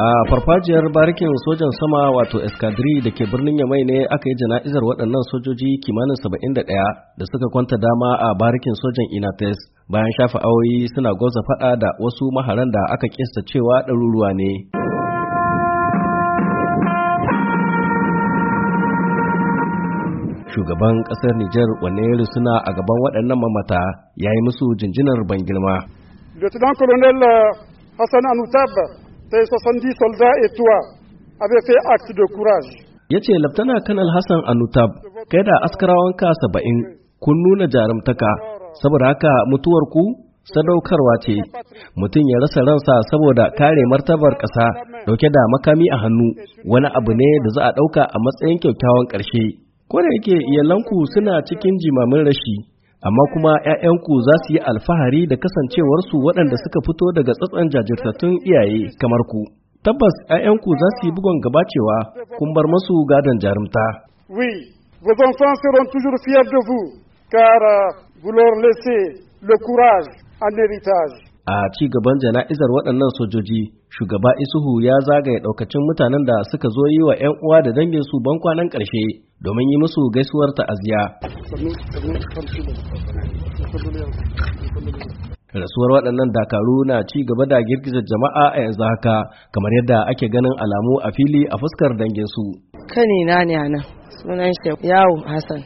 a farfajiyar barikin sojan sama wato eskadiri da ke birnin yamai ne aka yi jana'izar waɗannan sojoji kimanin 71 da suka kwanta dama a barikin sojan inates bayan shafa awoyi suna goza faɗa da wasu maharan da aka kista cewa ɗaruruwa ne shugaban ƙasar nijar wanne suna a gaban waɗannan mamata ya yi musu jinjinar ban girma sai 70 soldats et toi, avait fait acte de courage. Ya Laftana Kanal Hassan Anutab, kai da wanka saba'in kun nuna jarumtaka, saboda haka mutuwar ku sadaukarwa ce, mutum ya rasa ransa saboda kare martabar ƙasa dauke da makami a hannu wani abu ne da za a ɗauka a matsayin kyakkyawan ƙarshe. Ko da yake iyalanku suna cikin jimamin rashi, amma kuma 'ya'yanku za su yi alfahari da kasancewarsu waɗanda suka fito daga tsatson jajirtattun iyaye kamar ku. Tabbas 'ya'yanku za su yi bugon gaba cewa kun bar masu gadon jarumta. Oui, vos enfants seront toujours fiers de vous, car euh, vous leur laissez le courage en héritage. a ci gaban jana'izar waɗannan sojoji shugaba isuhu ya zagaye ɗaukacin mutanen da suka zo yi wa 'yan uwa da dangin su bankwanan ƙarshe domin yi musu gaisuwar ta'aziya. rasuwar waɗannan dakaru na ci gaba da girgiza jama'a a yanzu haka kamar yadda ake ganin alamu a fili a fuskar dangin su kani na ne nan sunan shi yawo hassan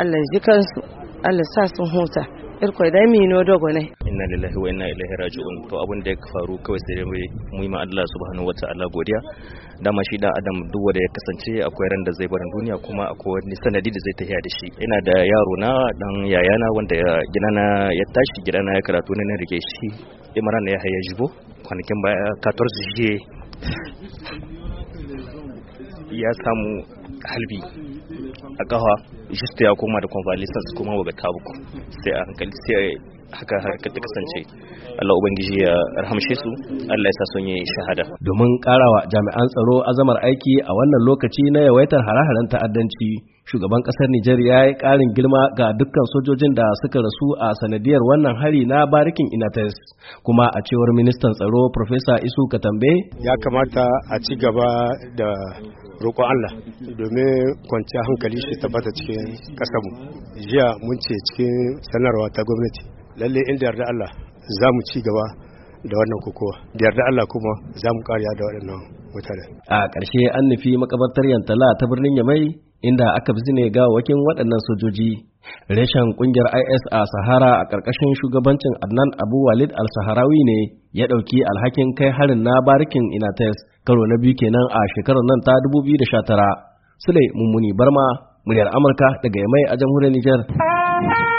allah ji kansu allah sa sun huta da dai no dogo ne inna lillahi wa inna ilaihi raji'un to abin da ya faru kawai sai dai mu yi ma Allah subhanahu wata'ala godiya dama shi da adam duk wanda ya kasance akwai ran da zai bar duniya kuma akwai wani sanadi da zai tafiya da shi ina da yaro na dan yayana wanda na ya tashi gida na ya karatu ne na rike shi imran ya haye jibo kwanakin baya 14 ya samu halbi a kafa jista ya koma da convalescence kuma ba ta buku sai a hankali sai haka haka ta kasance Allah ubangiji ya rahamshe su Allah ya sa sun yi shahada domin karawa jami'an tsaro azamar aiki a wannan lokaci na yawaitar hare-haren ta'addanci shugaban ƙasar Nijar ya yi ƙarin girma ga dukkan sojojin da suka rasu a sanadiyar wannan hari na barikin Inates, kuma a cewar ministan tsaro Profesa Isu Katambe. Ya kamata a ci gaba da roƙon Allah domin kwanciya hankali shi tabbata cikin ƙasarmu. Jiya mun ce cikin sanarwa ta gwamnati. Lalle inda yarda Allah za mu ci gaba da wannan kokowa. Da yarda Allah kuma za mu kariya da waɗannan mutane. A ƙarshe an nufi makabartar Yantala ta birnin Yamai inda aka ga gawakin waɗannan sojoji reshen ƙungiyar is a sahara a ƙarƙashin shugabancin adnan abu walid al-saharawi ne ya ɗauki alhakin kai harin na barikin inates karo na biyu kenan a shekarar nan ta 2019 sule mummuni barma muryar amurka daga yamai a jamhuriyar niger